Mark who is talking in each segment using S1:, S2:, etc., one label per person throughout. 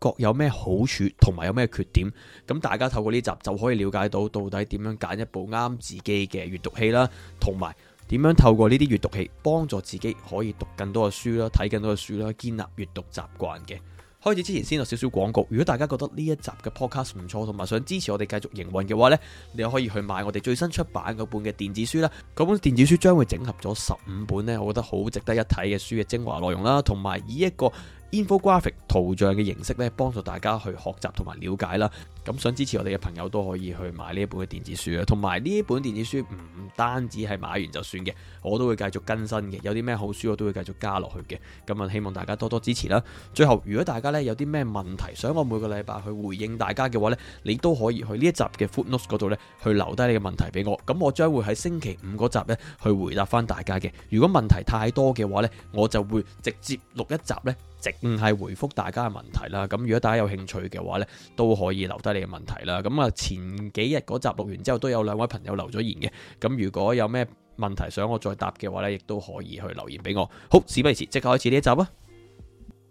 S1: 各有咩好處同埋有咩缺點？咁大家透過呢集就可以了解到到底點樣揀一部啱自己嘅閱讀器啦，同埋點樣透過呢啲閱讀器幫助自己可以讀更多嘅書啦，睇更多嘅書啦，建立閱讀習慣嘅。開始之前先有少少廣告，如果大家覺得呢一集嘅 podcast 唔錯，同埋想支持我哋繼續營運嘅話呢，你可以去買我哋最新出版嗰本嘅電子書啦。嗰本電子書將會整合咗十五本呢，我覺得好值得一睇嘅書嘅精華內容啦，同埋以一個。Infographic 圖像嘅形式咧，幫助大家去學習同埋了解啦。咁、嗯、想支持我哋嘅朋友都可以去買呢一本嘅電子書啊。同埋呢一本電子書唔單止係買完就算嘅，我都會繼續更新嘅。有啲咩好書我都會繼續加落去嘅。咁、嗯、啊，希望大家多多支持啦。最後，如果大家咧有啲咩問題想我每個禮拜去回應大家嘅話咧，你都可以去呢一集嘅 Footnotes 嗰度咧，去留低你嘅問題俾我。咁我將會喺星期五嗰集咧去回答翻大家嘅。如果問題太多嘅話咧，我就會直接錄一集咧。直唔係回覆大家嘅問題啦，咁如果大家有興趣嘅話呢，都可以留低你嘅問題啦。咁啊，前幾日嗰集錄完之後，都有兩位朋友留咗言嘅。咁如果有咩問題想我再答嘅話呢，亦都可以去留言俾我。好，事不宜遲，即刻開始呢一集啊！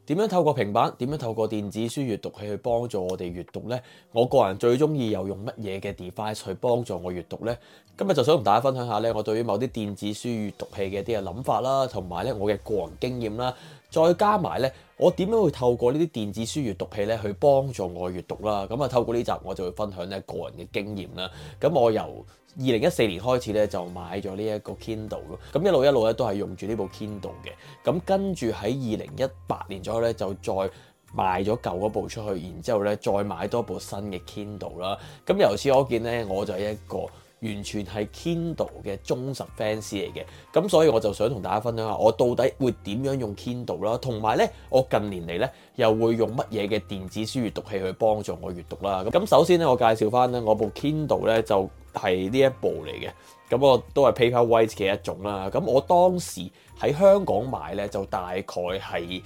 S1: 點樣透過平板？點樣透過電子書閱讀器去幫助我哋閱讀呢？我個人最中意又用乜嘢嘅 device 去幫助我閱讀呢？今日就想同大家分享下呢，我對於某啲電子書閱讀器嘅一啲嘅諗法啦，同埋呢我嘅個人經驗啦，再加埋呢。我點樣會透過呢啲電子書閱讀器咧去幫助我閱讀啦？咁啊，透過呢集我就會分享咧個人嘅經驗啦。咁我由二零一四年開始咧就買咗呢一個 Kindle 咯，咁一路一路咧都係用住呢部 Kindle 嘅。咁跟住喺二零一八年左右咧就再賣咗舊嗰部出去，然之後咧再買多部新嘅 Kindle 啦。咁由此可見咧，我就係一個。完全係 Kindle 嘅忠實 fans 嚟嘅，咁所以我就想同大家分享下我到底會點樣用 Kindle 啦，同埋呢，我近年嚟呢又會用乜嘢嘅電子書閱讀器去幫助我閱讀啦。咁首先呢，我介紹翻呢，我部 Kindle 呢就係呢一部嚟嘅，咁我都係 Paperwhite 嘅一種啦。咁我當時喺香港買呢，就大概係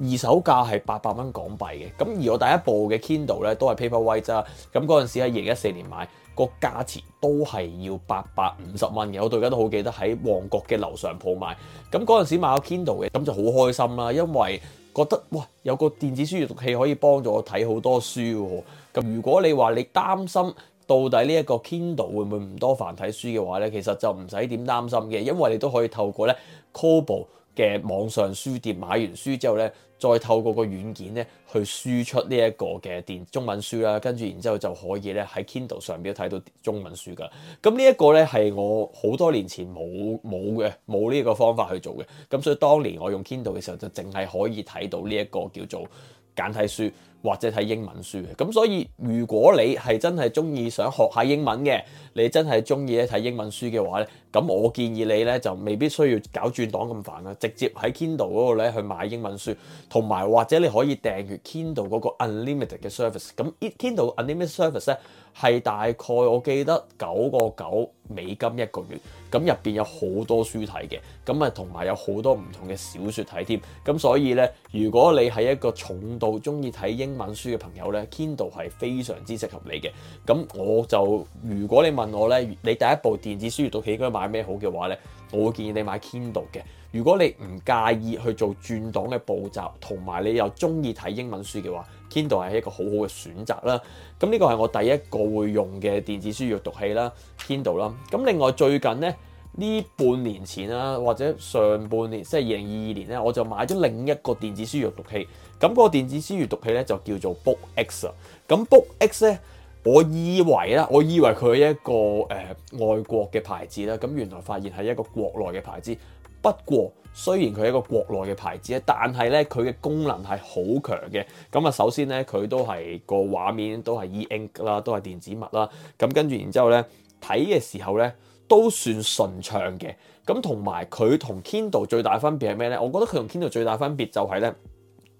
S1: 二手價係八百蚊港幣嘅，咁而我第一部嘅 Kindle 呢，都係 Paperwhite 啦，咁嗰陣時喺二零一四年買。個價錢都係要八百五十蚊嘅，我到而家都好記得喺旺角嘅樓上鋪買。咁嗰陣時買咗 Kindle 嘅，咁就好開心啦，因為覺得哇有個電子書閱讀器可以幫助我睇好多書喎。咁如果你話你擔心到底呢一個 Kindle 會唔會唔多繁體書嘅話呢，其實就唔使點擔心嘅，因為你都可以透過呢，Kobo 嘅網上書店買完書之後咧，再透過個軟件咧去輸出呢一個嘅電中文書啦，跟住然之後就可以咧喺 Kindle 上邊睇到中文書㗎。咁呢一個咧係我好多年前冇冇嘅，冇呢個方法去做嘅。咁所以當年我用 Kindle 嘅時候，就淨係可以睇到呢一個叫做簡體書。或者睇英文書嘅，咁所以如果你係真係中意想學下英文嘅，你真係中意咧睇英文書嘅話咧，咁我建議你咧就未必需要搞轉檔咁煩啦，直接喺 Kindle 度咧去買英文書，同埋或者你可以訂閱 Kindle 嗰個 Unlimited 嘅 service, un service。咁 Kindle Unlimited service 咧係大概我記得九個九美金一個月，咁入邊有好多書睇嘅，咁啊同埋有好多唔同嘅小說睇添。咁所以咧，如果你係一個重度中意睇英，英文書嘅朋友咧，Kindle 係非常之適合你嘅。咁我就如果你問我咧，你第一部電子書閱讀器應該買咩好嘅話咧，我會建議你買 Kindle 嘅。如果你唔介意去做轉檔嘅步驟，同埋你又中意睇英文書嘅話，Kindle 係一個好好嘅選擇啦。咁呢個係我第一個會用嘅電子書閱讀器啦，Kindle 啦。咁另外最近咧。呢半年前啦，或者上半年，即係二零二二年咧，我就買咗另一個電子書閱讀器。咁、那個電子書閱讀器咧就叫做 Book X 啊。咁 Book X 咧，我以為啦，我以為佢係一個誒、呃、外國嘅牌子啦。咁原來發現係一個國內嘅牌子。不過雖然佢係一個國內嘅牌子咧，但係咧佢嘅功能係好強嘅。咁啊，首先咧，佢都係個畫面都係 E Ink 啦，In k，都係電子墨啦。咁跟住然之後咧，睇嘅時候咧。都算順暢嘅，咁同埋佢同 Kindle 最大分別係咩呢？我覺得佢同 Kindle 最大分別就係呢，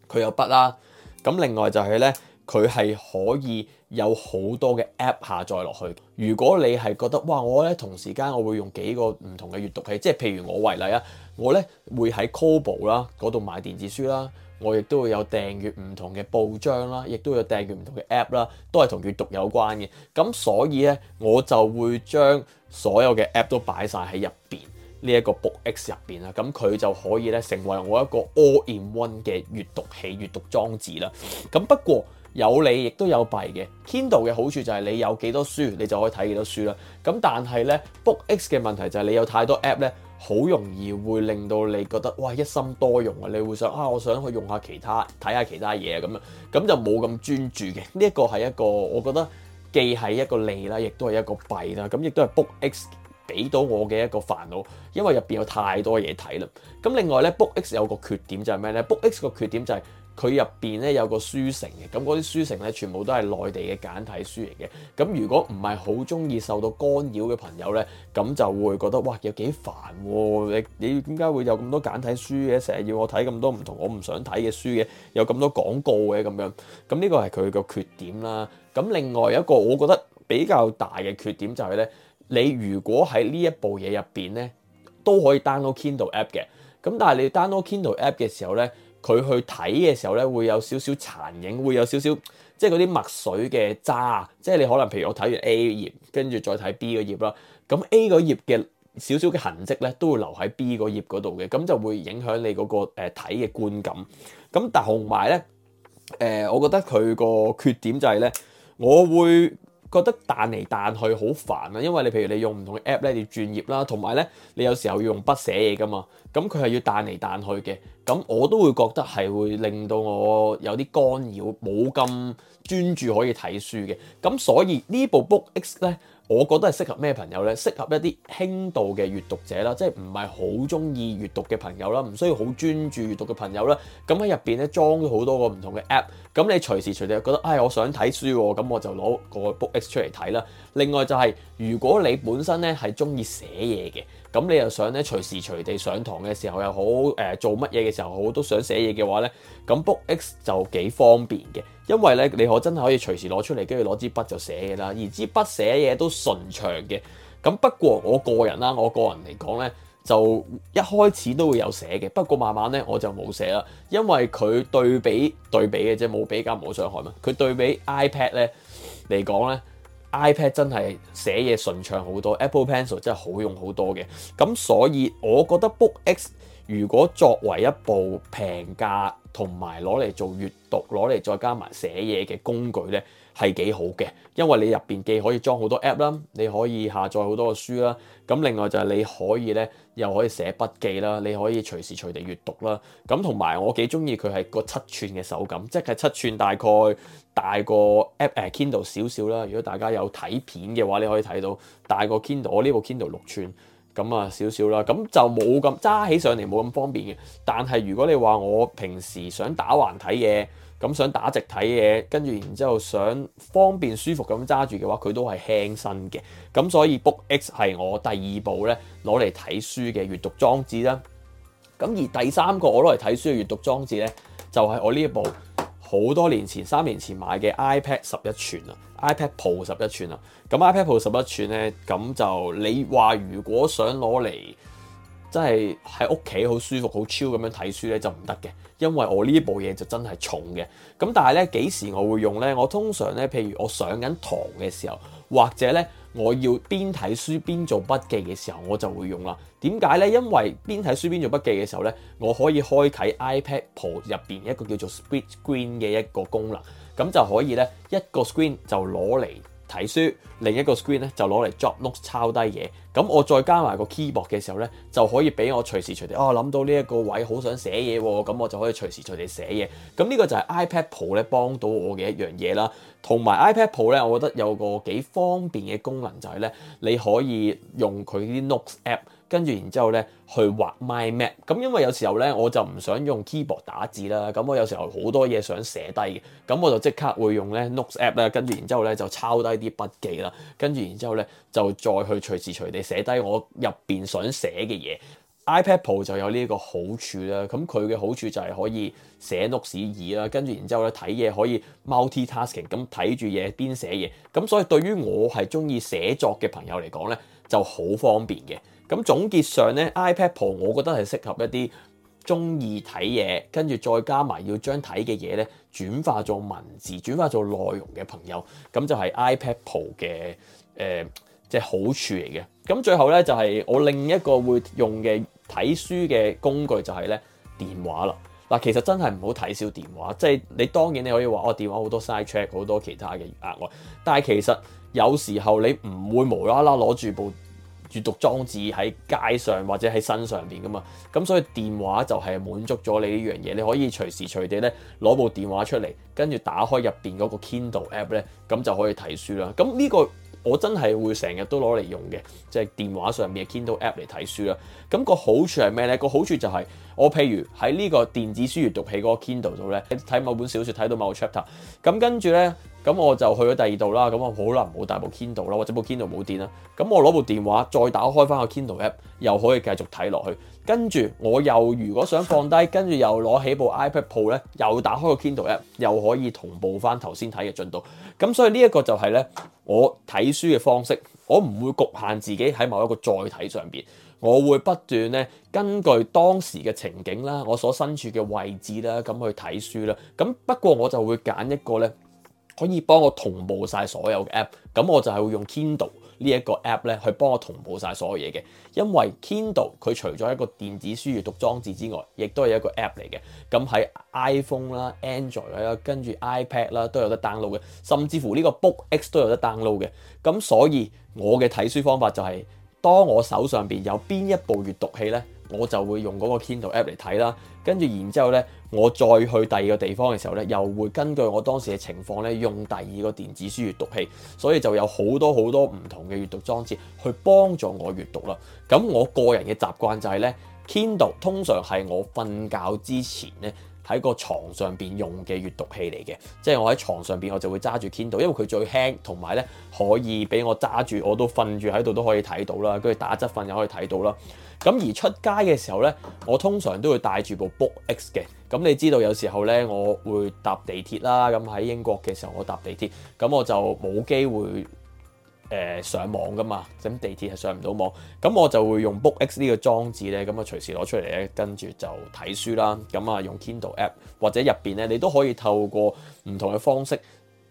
S1: 佢有筆啦，咁另外就係呢，佢係可以有好多嘅 App 下載落去。如果你係覺得哇，我呢，同時間我會用幾個唔同嘅閱讀器，即係譬如我為例啊，我呢會喺 Kobo 啦嗰度買電子書啦。我亦都會有訂閱唔同嘅報章啦，亦都會有訂閱唔同嘅 App 啦，都係同閱讀有關嘅。咁所以呢，我就會將所有嘅 App 都擺晒喺入邊呢一個 BookX 入邊啦。咁佢就可以咧成為我一個 All in One 嘅閱讀器、閱讀裝置啦。咁不過，有利亦都有弊嘅，Kindle 嘅好處就係你有幾多書，你就可以睇幾多書啦。咁但係咧，Book X 嘅問題就係你有太多 app 咧，好容易會令到你覺得哇，一心多用啊！你會想啊，我想去用下其他，睇下其他嘢咁樣，咁就冇咁專注嘅。呢一個係一個我覺得既係一個利啦，亦都係一個弊啦。咁亦都係 Book X 俾到我嘅一個煩惱，因為入邊有太多嘢睇啦。咁另外咧，Book X 有個缺點就係咩咧？Book X 個缺點就係……佢入邊咧有個書城嘅，咁嗰啲書城咧全部都係內地嘅簡體書嚟嘅。咁如果唔係好中意受到干擾嘅朋友咧，咁就會覺得哇，有幾煩喎！你你點解會有咁多簡體書嘅？成日要我睇咁多唔同我唔想睇嘅書嘅，有咁多廣告嘅咁樣。咁呢個係佢個缺點啦。咁另外一個我覺得比較大嘅缺點就係咧，你如果喺呢一部嘢入邊咧，都可以 download Kindle app 嘅。咁但係你 download Kindle app 嘅時候咧，佢去睇嘅時候咧，會有少少殘影，會有少少即係嗰啲墨水嘅渣，即係你可能譬如我睇完 A 頁，跟住再睇 B 個頁啦，咁 A 個頁嘅少少嘅痕跡咧，都會留喺 B 個頁嗰度嘅，咁就會影響你嗰、嗰個睇嘅、呃、觀感。咁但同埋咧，誒、呃，我覺得佢個缺點就係、係、咧，我會。覺得彈嚟彈去好煩啊，因為你譬如你用唔同嘅 app 咧，你要轉頁啦，同埋咧你有時候要用筆寫嘢㗎嘛，咁佢係要彈嚟彈去嘅，咁我都會覺得係會令到我有啲干擾，冇咁專注可以睇書嘅，咁所以呢部 book X 咧。我覺得係適合咩朋友呢？適合一啲輕度嘅閱讀者啦，即係唔係好中意閱讀嘅朋友啦，唔需要好專注閱讀嘅朋友啦。咁喺入邊咧裝咗好多個唔同嘅 app，咁你隨時隨地覺得，唉、哎，我想睇書，咁我就攞個 Book X 出嚟睇啦。另外就係、是、如果你本身咧係中意寫嘢嘅，咁你又想咧隨時隨地上堂嘅時候又好，誒、呃、做乜嘢嘅時候好，都想寫嘢嘅話呢，咁 Book X 就幾方便嘅。因為咧，你可真係可以隨時攞出嚟，跟住攞支筆就寫嘢啦。而支筆寫嘢都順暢嘅。咁不過我個人啦，我個人嚟講咧，就一開始都會有寫嘅。不過慢慢咧，我就冇寫啦，因為佢對比對比嘅啫，冇比較冇傷害嘛。佢對比 iPad 咧嚟講咧，iPad 真係寫嘢順暢好多，Apple Pencil 真係好用好多嘅。咁所以我覺得 Book X 如果作為一部平價，同埋攞嚟做閱讀、攞嚟再加埋寫嘢嘅工具咧，係幾好嘅。因為你入邊既可以裝好多 app 啦，你可以下載好多嘅書啦。咁另外就係你可以咧，又可以寫筆記啦，你可以隨時隨地閱讀啦。咁同埋我幾中意佢係個七寸嘅手感，即係七寸大概大過 app、呃、Kindle 少少啦。如果大家有睇片嘅話，你可以睇到大過 Kindle。我呢部 Kindle 六寸。咁啊，少少啦，咁就冇咁揸起上嚟冇咁方便嘅。但係如果你話我平時想打橫睇嘢，咁想打直睇嘢，跟住然之後想方便舒服咁揸住嘅話，佢都係輕身嘅。咁所以 Book X 係我第二部咧攞嚟睇書嘅閱讀裝置啦。咁而第三個我攞嚟睇書嘅閱讀裝置咧，就係、是、我呢一部好多年前三年前買嘅 iPad 十一寸啊。iPad Pro 十一寸啊，咁 iPad Pro 十一寸咧，咁就你話如果想攞嚟，即係喺屋企好舒服好 chill 咁樣睇書咧就唔得嘅，因為我呢部嘢就真係重嘅。咁但係咧幾時我會用咧？我通常咧，譬如我上緊堂嘅時候，或者咧。我要邊睇書邊做筆記嘅時候，我就會用啦。點解呢？因為邊睇書邊做筆記嘅時候呢，我可以開啟 iPad Pro 入邊一個叫做 Split Screen 嘅一個功能，咁就可以呢一個 screen 就攞嚟。睇書，另一個 screen 咧就攞嚟 drop notes 抄低嘢。咁我再加埋個 keyboard 嘅時候咧，就可以俾我隨時隨地。啊，諗到呢一個位好想寫嘢喎、啊，咁我就可以隨時隨地寫嘢。咁呢個就係 iPad Pro 咧幫到我嘅一樣嘢啦。同埋 iPad Pro 咧，我覺得有個幾方便嘅功能就係咧，你可以用佢啲 notes app。跟住，然之後咧，去畫 my map。咁因為有時候咧，我就唔想用 keyboard 打字啦。咁我有時候好多嘢想寫低嘅，咁我就即刻會用咧 notes app 啦。跟住，然之後咧就抄低啲筆記啦。跟住，然之後咧就再去隨時隨地寫低我入邊想寫嘅嘢。iPad Pro 就有呢個好處啦。咁佢嘅好處就係可以寫 notes 二啦。跟住，然之後咧睇嘢可以 multi-tasking 咁睇住嘢邊寫嘢。咁所以對於我係鍾意寫作嘅朋友嚟講咧，就好方便嘅。咁總結上咧，iPad Pro 我覺得係適合一啲鍾意睇嘢，跟住再加埋要將睇嘅嘢咧轉化做文字、轉化做內容嘅朋友，咁就係 iPad Pro 嘅誒即係好處嚟嘅。咁最後咧就係、是、我另一個會用嘅睇書嘅工具就係咧電話啦。嗱，其實真係唔好睇小電話，即、就、係、是、你當然你可以話我、哦、電話好多 side track 好多其他嘅額外，但係其實有時候你唔會無啦啦攞住部。閱讀裝置喺街上或者喺身上邊噶嘛，咁所以電話就係滿足咗你呢樣嘢，你可以隨時隨地咧攞部電話出嚟，跟住打開入邊嗰個 Kindle app 咧，咁就可以睇書啦。咁呢個我真係會成日都攞嚟用嘅，即係電話上面嘅 Kindle app 嚟睇書啦。咁個好處係咩咧？個好處就係我譬如喺呢個電子書閱讀器嗰個 Kindle 度咧，你睇某本小說睇到某個 chapter，咁跟住咧。咁我就去咗第二度啦，咁我好難冇帶部 Kindle 啦，或者部 Kindle 冇電啦，咁我攞部電話再打開翻個 Kindle app，又可以繼續睇落去。跟住我又如果想放低，跟住又攞起部 iPad Pro 咧，又打開個 Kindle app，又可以同步翻頭先睇嘅進度。咁所以呢一個就係咧，我睇書嘅方式，我唔會局限自己喺某一個載體上邊，我會不斷咧根據當時嘅情景啦，我所身處嘅位置啦，咁去睇書啦。咁不過我就會揀一個咧。可以幫我同步晒所有嘅 app，咁我就係會用 Kindle 呢一個 app 咧，去幫我同步晒所有嘢嘅。因為 Kindle 佢除咗一個電子書閱讀裝置之外，亦都係一個 app 嚟嘅。咁喺 iPhone 啦、Android 啦、跟住 iPad 啦，都有得 download 嘅。甚至乎呢個 BookX 都有得 download 嘅。咁所以我嘅睇書方法就係、是，當我手上邊有邊一部閱讀器咧。我就會用嗰個 Kindle app 嚟睇啦，跟住然之後呢，我再去第二個地方嘅時候呢，又會根據我當時嘅情況呢，用第二個電子書閱讀器，所以就有好多好多唔同嘅閱讀裝置去幫助我閱讀啦。咁我個人嘅習慣就係呢，Kindle 通常係我瞓覺之前呢。喺個床上邊用嘅閱讀器嚟嘅，即係我喺床上邊我就會揸住 Kindle，因為佢最輕同埋咧可以俾我揸住，我都瞓住喺度都可以睇到啦，跟住打側瞓又可以睇到啦。咁而出街嘅時候咧，我通常都會帶住部 Book X 嘅。咁你知道有時候咧，我會搭地鐵啦。咁喺英國嘅時候我搭地鐵，咁我就冇機會。誒、呃、上網噶嘛，咁地鐵係上唔到網，咁我就會用 BookX 呢個裝置咧，咁啊隨時攞出嚟咧，跟住就睇書啦。咁啊用 Kindle App 或者入邊咧，你都可以透過唔同嘅方式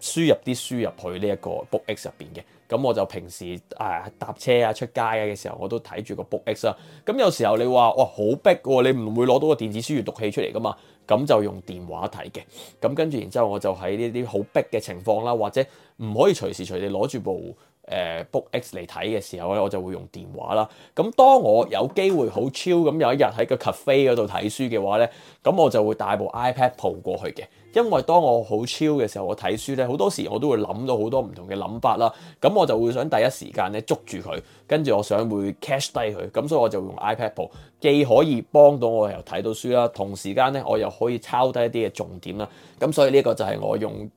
S1: 輸入啲書入去呢一個 BookX 入邊嘅。咁我就平時啊、哎、搭車啊出街啊嘅時候，我都睇住個 BookX 啊。咁有時候你話哇好逼喎、啊，你唔會攞到個電子書閱讀器出嚟噶嘛，咁就用電話睇嘅。咁跟住然之後，我就喺呢啲好逼嘅情況啦，或者唔可以隨時隨地攞住部，誒、uh, book X 嚟睇嘅時候咧，我就會用電話啦。咁當我有機會好 chill，h 咁有一日喺個 cafe 嗰度睇書嘅話咧，咁我就會帶部 iPad Pro 過去嘅。因為當我好 chill 嘅時候，我睇書咧好多時我都會諗到好多唔同嘅諗法啦。咁我就會想第一時間咧捉住佢，跟住我想會 cash 低佢。咁所以我就用 iPad Pro，既可以幫到我又睇到書啦，同時間咧我又可以抄低一啲嘅重點啦。咁所以呢個就係我用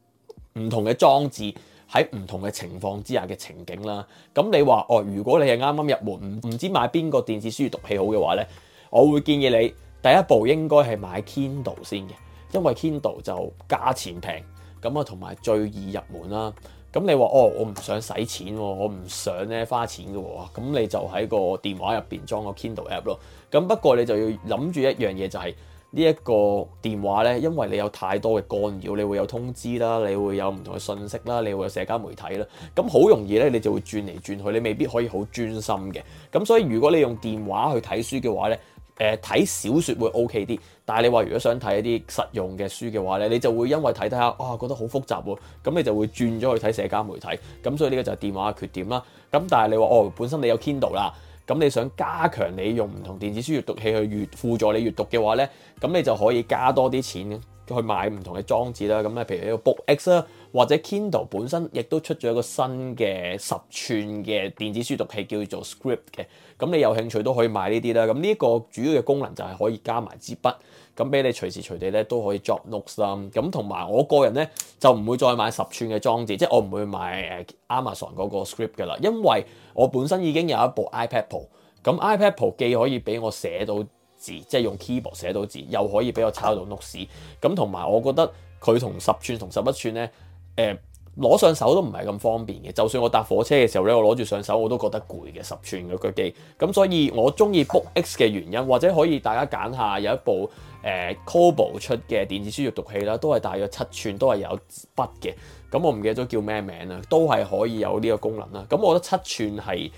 S1: 唔同嘅裝置。喺唔同嘅情況之下嘅情景啦，咁你話哦，如果你係啱啱入門，唔唔知買邊個電子書讀器好嘅話咧，我會建議你第一步應該係買 Kindle 先嘅，因為 Kindle 就價錢平，咁啊同埋最易入門啦。咁你話哦，我唔想使錢喎，我唔想咧花錢嘅喎，咁你就喺個電話入邊裝個 Kindle app 咯。咁不過你就要諗住一樣嘢就係。呢一個電話呢，因為你有太多嘅干擾，你會有通知啦，你會有唔同嘅信息啦，你會有社交媒體啦，咁好容易呢，你就會轉嚟轉去，你未必可以好專心嘅。咁所以如果你用電話去睇書嘅話呢，誒、呃、睇小説會 OK 啲，但係你話如果想睇一啲實用嘅書嘅話呢，你就會因為睇睇下啊覺得好複雜喎，咁你就會轉咗去睇社交媒體，咁所以呢個就係電話嘅缺點啦。咁但係你話哦，本身你有 Kindle 啦。咁你想加強你用唔同電子書閱讀器去輔助你閱讀嘅話呢，咁你就可以加多啲錢去買唔同嘅裝置啦。咁啊，譬如這個 book X。或者 Kindle 本身亦都出咗一個新嘅十寸嘅電子書讀器叫做 Script 嘅，咁你有興趣都可以買呢啲啦。咁呢個主要嘅功能就係可以加埋支筆，咁俾你隨時隨地咧都可以作 notes 啦。咁同埋我個人咧就唔會再買十寸嘅裝置，即係我唔會買 Amazon 嗰個 Script 噶啦，因為我本身已經有一部 iPad Pro，咁 iPad Pro 既可以俾我寫到字，即係用 keyboard 寫到字，又可以俾我抄到 notes。咁同埋我覺得佢同十寸同十一寸咧。誒攞、呃、上手都唔係咁方便嘅，就算我搭火車嘅時候咧，我攞住上手我都覺得攰嘅，十寸嘅腳機，咁所以我中意 Book X 嘅原因，或者可以大家揀下有一部誒 Kobo、呃、出嘅電子書閱讀器啦，都係大約七寸，都係有筆嘅，咁我唔記得咗叫咩名啦，都係可以有呢個功能啦，咁我覺得七寸係。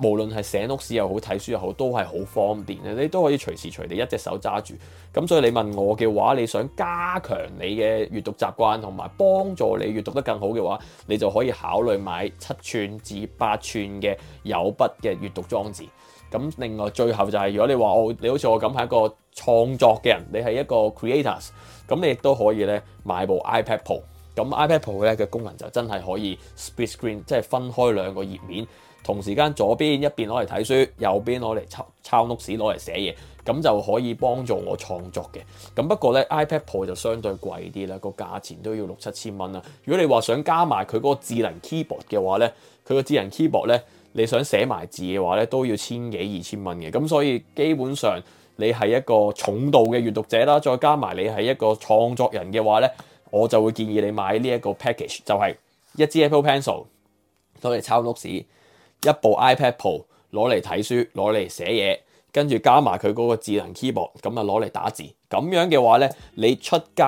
S1: 無論係寫屋史又好睇書又好，都係好方便咧。你都可以隨時隨地一隻手揸住。咁所以你問我嘅話，你想加強你嘅閱讀習慣，同埋幫助你閱讀得更好嘅話，你就可以考慮買七吋至八吋嘅有筆嘅閱讀裝置。咁另外，最後就係、是、如果你話我你好似我咁係一個創作嘅人，你係一個 creators 咁你亦都可以咧買部 iPad Pro。咁 iPad Pro 咧嘅功能就真係可以 split screen，即係分開兩個頁面。同時間左邊一邊攞嚟睇書，右邊攞嚟抄抄 notes，攞嚟寫嘢，咁就可以幫助我創作嘅。咁不過咧，iPad Pro 就相對貴啲啦，個價錢都要六七千蚊啦。如果你話想加埋佢嗰個智能 keyboard 嘅話咧，佢個智能 keyboard 咧，你想寫埋字嘅話咧，都要千幾二千蚊嘅。咁所以基本上你係一個重度嘅閱讀者啦，再加埋你係一個創作人嘅話咧，我就會建議你買呢一個 package，就係一支 Apple Pencil 攞嚟抄 notes。一部 iPad Pro 攞嚟睇書，攞嚟寫嘢，跟住加埋佢嗰個智能 keyboard，咁啊攞嚟打字。咁樣嘅話咧，你出街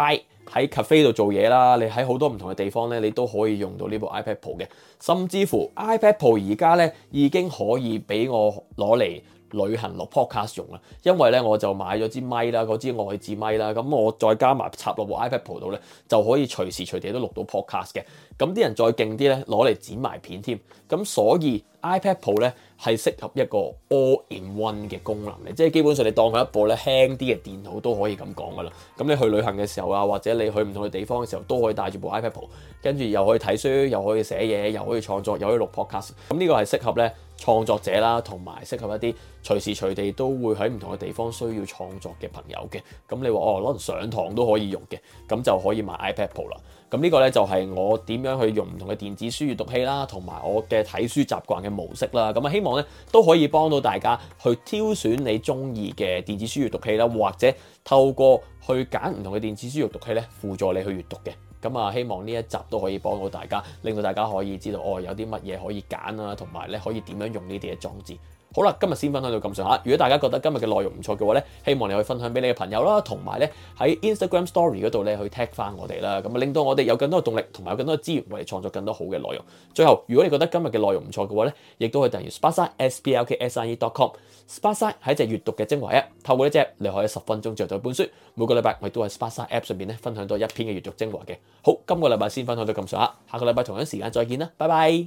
S1: 喺 cafe 度做嘢啦，你喺好多唔同嘅地方咧，你都可以用到呢部 iPad Pro 嘅。甚至乎 iPad Pro 而家咧已經可以俾我攞嚟旅行錄 podcast 用啦。因為咧我就買咗支咪啦，嗰支外置咪啦，咁我再加埋插落部 iPad Pro 度咧，就可以隨時隨地都錄到 podcast 嘅。咁啲人再勁啲咧，攞嚟剪埋片添。咁所以，iPad Pro 咧係適合一個 All In One 嘅功能嘅，即係基本上你當佢一部咧輕啲嘅電腦都可以咁講噶啦。咁你去旅行嘅時候啊，或者你去唔同嘅地方嘅時候，都可以帶住部 iPad Pro，跟住又可以睇書，又可以寫嘢，又可以創作，又可以錄 Podcast。咁呢個係適合咧創作者啦，同埋適合一啲隨時隨地都會喺唔同嘅地方需要創作嘅朋友嘅。咁你話哦，可能上堂都可以用嘅，咁就可以買 iPad Pro 啦。咁呢個咧就係我點樣去用唔同嘅電子書閱讀器啦，同埋我嘅睇書習慣嘅模式啦。咁啊，希望咧都可以幫到大家去挑選你中意嘅電子書閱讀器啦，或者透過去揀唔同嘅電子書閱讀器咧輔助你去閱讀嘅。咁啊，希望呢一集都可以幫到大家，令到大家可以知道哦，有啲乜嘢可以揀啊，同埋咧可以點樣用呢啲嘅裝置。好啦，今日先分享到咁上下。如果大家覺得今日嘅內容唔錯嘅話呢，希望你可以分享俾你嘅朋友啦，同埋呢，喺 Instagram Story 嗰度呢，去 tag 翻我哋啦。咁啊，令到我哋有更多嘅動力，同埋有更多嘅資源為你創作更多好嘅內容。最後，如果你覺得今日嘅內容唔錯嘅話呢，亦都可以訂閱 s p a s a S B L K S I E dot com Spasa 係隻閲讀嘅精華 App，透過呢隻你可以十分鐘著到本書。每個禮拜我哋都喺 Spasa App 上面呢，分享多一篇嘅閲讀精華嘅。好，今個禮拜先分享到咁上下，下個禮拜同樣時間再見啦，拜拜。